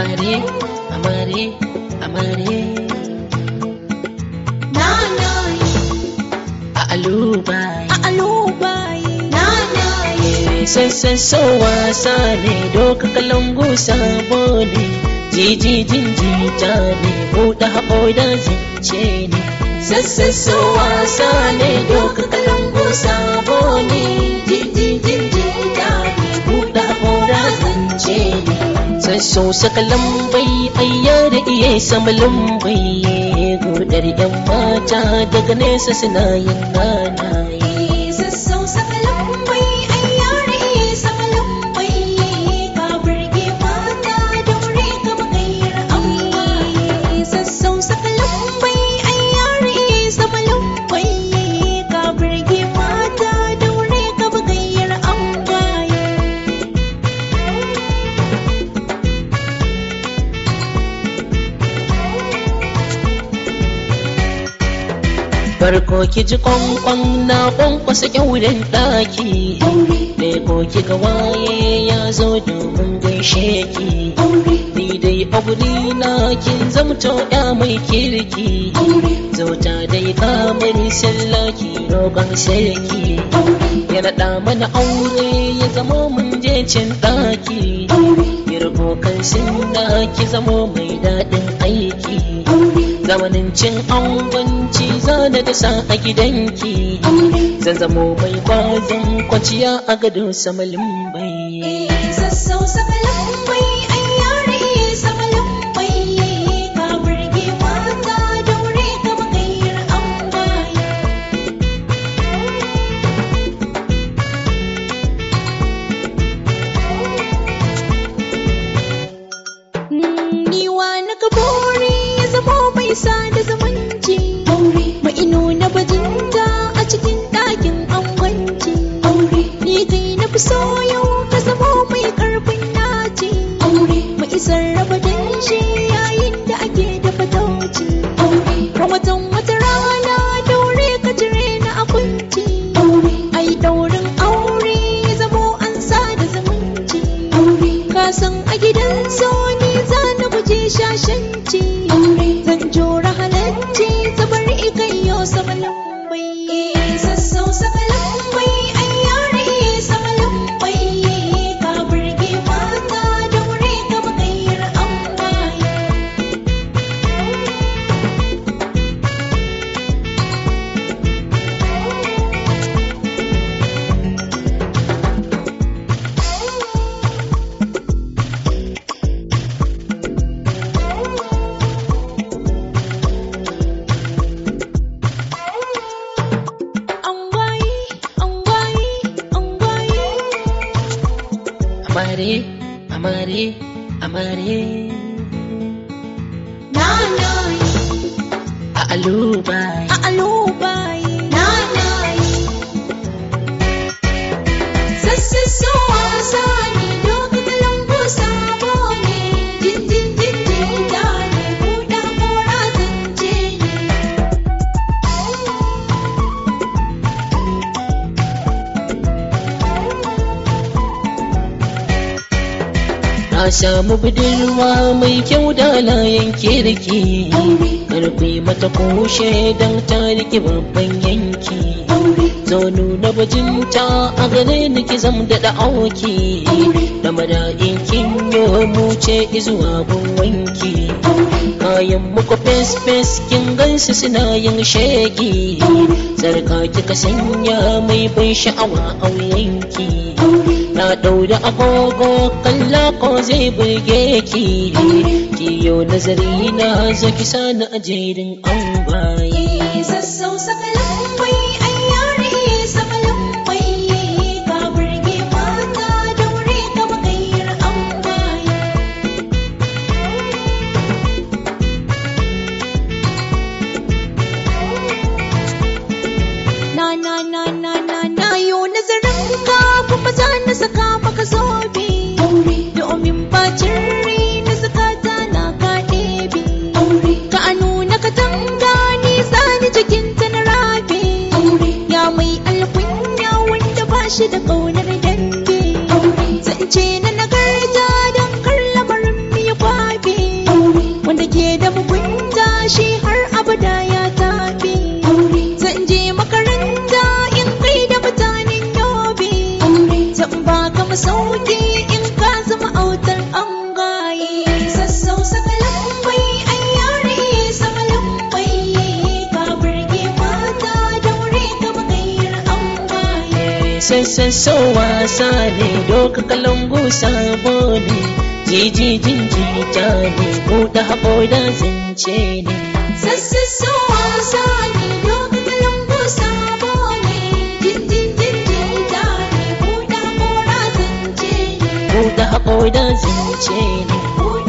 amaré, amaré, amaré. Na na a alubaye, a alubaye. Na na sassan so wasa ne doka kalangu sabo ne. Jijijin jita ne, buɗe haɓo da zance ne. Sassan so wasa ne doka kalangu sabo ne. Jijijin jita so saka lambai ayya da iya sama lambai gudar yan mata daga nesa suna yin nana farko ki ji kwankwan na kwankwasa kyauren ɗaki ɗaya koki ga waye ya zo domin gaishe ki ni dai aguri na kin zamto ya mai kirki zauta dai ka kamar sallaki roƙon sarki ya naɗa mana aure ya zama mun je cin ɗaki ya kan sun ki zama mai daɗin aiki zamanin cin ambanci za da san a gidanki zan zamo mai kwazon kwaciya a gadon samalin bai eh, samalin bai ke da zumunci aure ma'ino na bajinta a cikin ɗakin angwanci aure ni dai na fi so yau ka zamo mai karfin naci aure mu isar raba danshi yayin da ake da fatauci aure ramatan wata rana daure ka jire na abinci aure ai daurin aure ya zamo an sa da zumunci aure ka san a gidan soya amaré, amaré, Na A aluba. A aluba. a samu budurwa mai kyau da layan kirki karfe mata kushe don ta rike babban yanki zo nuna bajinta a gare ni ki zam da da'auki da yo yomu ce izuwa wanki kayan muku fes-fes kin gansu suna yin shegi sarka kika sanya mai ban sha'awa auyenki na ɗaura agogo kalla ko zai burge ki kiyo nazari na zaki sana a jerin an baye eh, sassau sakalin bai na saka maka zobe domin bacin rai na saka ta na ka ɗebe ka anu na katanga ni jikinta na rabe ya mai alkunya wanda ba shi da ƙaunar sassan so wasa ne doka kalangu sabo ne jiji jinji ta ne buɗe haɓo da zance ne sassan so wasa ne doka kalangu sabo ne jinjin jinji ta ne buɗe haɓo da zance ne buɗe haɓo da zance ne